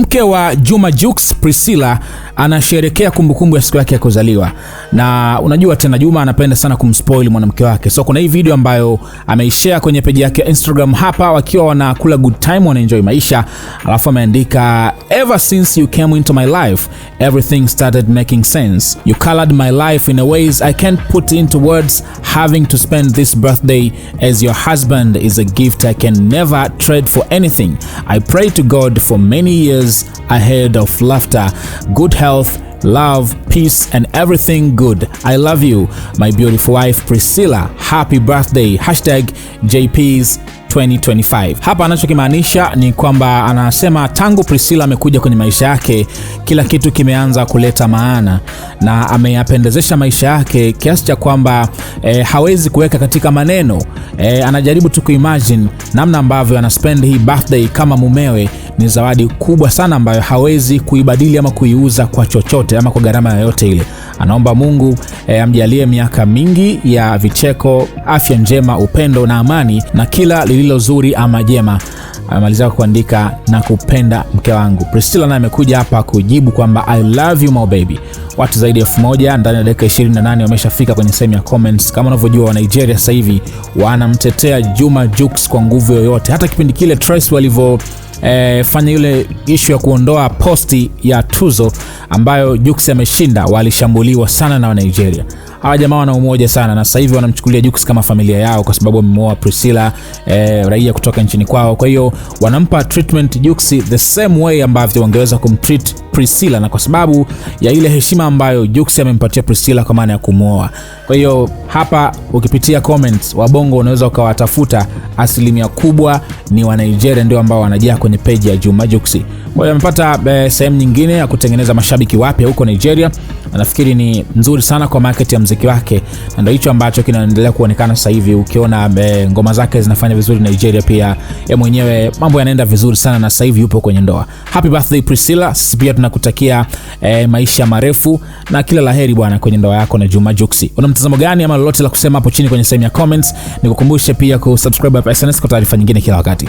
Mke wa Juma Jux Priscilla anasherekea kumbukumbu ya siku yake ya kuzaliwa, na unajua tena Juma anapenda sana kumspoil mwanamke wake, so kuna hii video ambayo ameishare kwenye peji yake ya Instagram hapa, wakiwa wanakula good time, wanaenjoy maisha, alafu ameandika ever since you came into my life everything started making sense you colored my life in a ways I can't put into words having to spend this birthday as your husband is a gift I can never trade for anything I pray to God for many years ahead of laughter good health health, love, peace, and everything good. I love you, my beautiful wife Priscilla. Happy birthday. Hashtag JP's 2025. Hapa anachokimaanisha ni kwamba anasema tangu Priscilla amekuja kwenye maisha yake kila kitu kimeanza kuleta maana na ameyapendezesha maisha yake kiasi cha kwamba e, hawezi kuweka katika maneno e, anajaribu tu kuimagine namna ambavyo anaspend hii birthday kama mumewe ni zawadi kubwa sana ambayo hawezi kuibadili ama kuiuza kwa chochote ama kwa gharama yoyote ile. Anaomba Mungu e, amjalie miaka mingi ya vicheko, afya njema, upendo na amani na kila lililo zuri ama jema. Amaliza kuandika na kupenda mke wangu. Priscilla naye amekuja hapa kujibu kwamba I love you my baby. Watu zaidi ya elfu moja ndani ya dakika 28 wameshafika kwenye sehemu ya comments. Kama unavyojua wa Nigeria sasa hivi wanamtetea Juma Jux kwa nguvu yoyote. Hata kipindi kile Trace walivyo E, fanya yule ishu ya kuondoa posti ya tuzo ambayo Jux ameshinda, walishambuliwa sana na Wanigeria hawa jamaa wana umoja sana, na sasa hivi wanamchukulia Jux kama familia yao, kwa sababu wamemuoa Priscilla eh, raia kutoka nchini kwao. Kwa hiyo wanampa treatment Jux the same way ambavyo wangeweza kumtreat Priscilla, na kwa sababu ya ile heshima ambayo Jux amempatia Priscilla kwa maana ya kumuoa. Kwa hiyo hapa ukipitia comments wabongo unaweza ukawatafuta, asilimia kubwa ni wa Nigeria ndio ambao wanajaa kwenye page ya Juma Jux. Kwa hiyo amepata eh, sehemu nyingine ya kutengeneza mashabiki wapya huko Nigeria na nafikiri ni nzuri sana kwa market ya mziki wake, na ndo hicho ambacho kinaendelea kuonekana sasa hivi. Ukiona eh, ngoma zake zinafanya vizuri Nigeria, pia e, mwenyewe mambo yanaenda vizuri sana, na sasa hivi yupo kwenye ndoa. Happy birthday Priscilla, sisi pia tunakutakia e, maisha marefu na kila laheri bwana kwenye ndoa yako. Na Juma juksi una mtazamo gani ama lolote la kusema hapo chini kwenye sehemu ya comments? Nikukumbushe pia kusubscribe hapa SnS kwa taarifa nyingine kila wakati.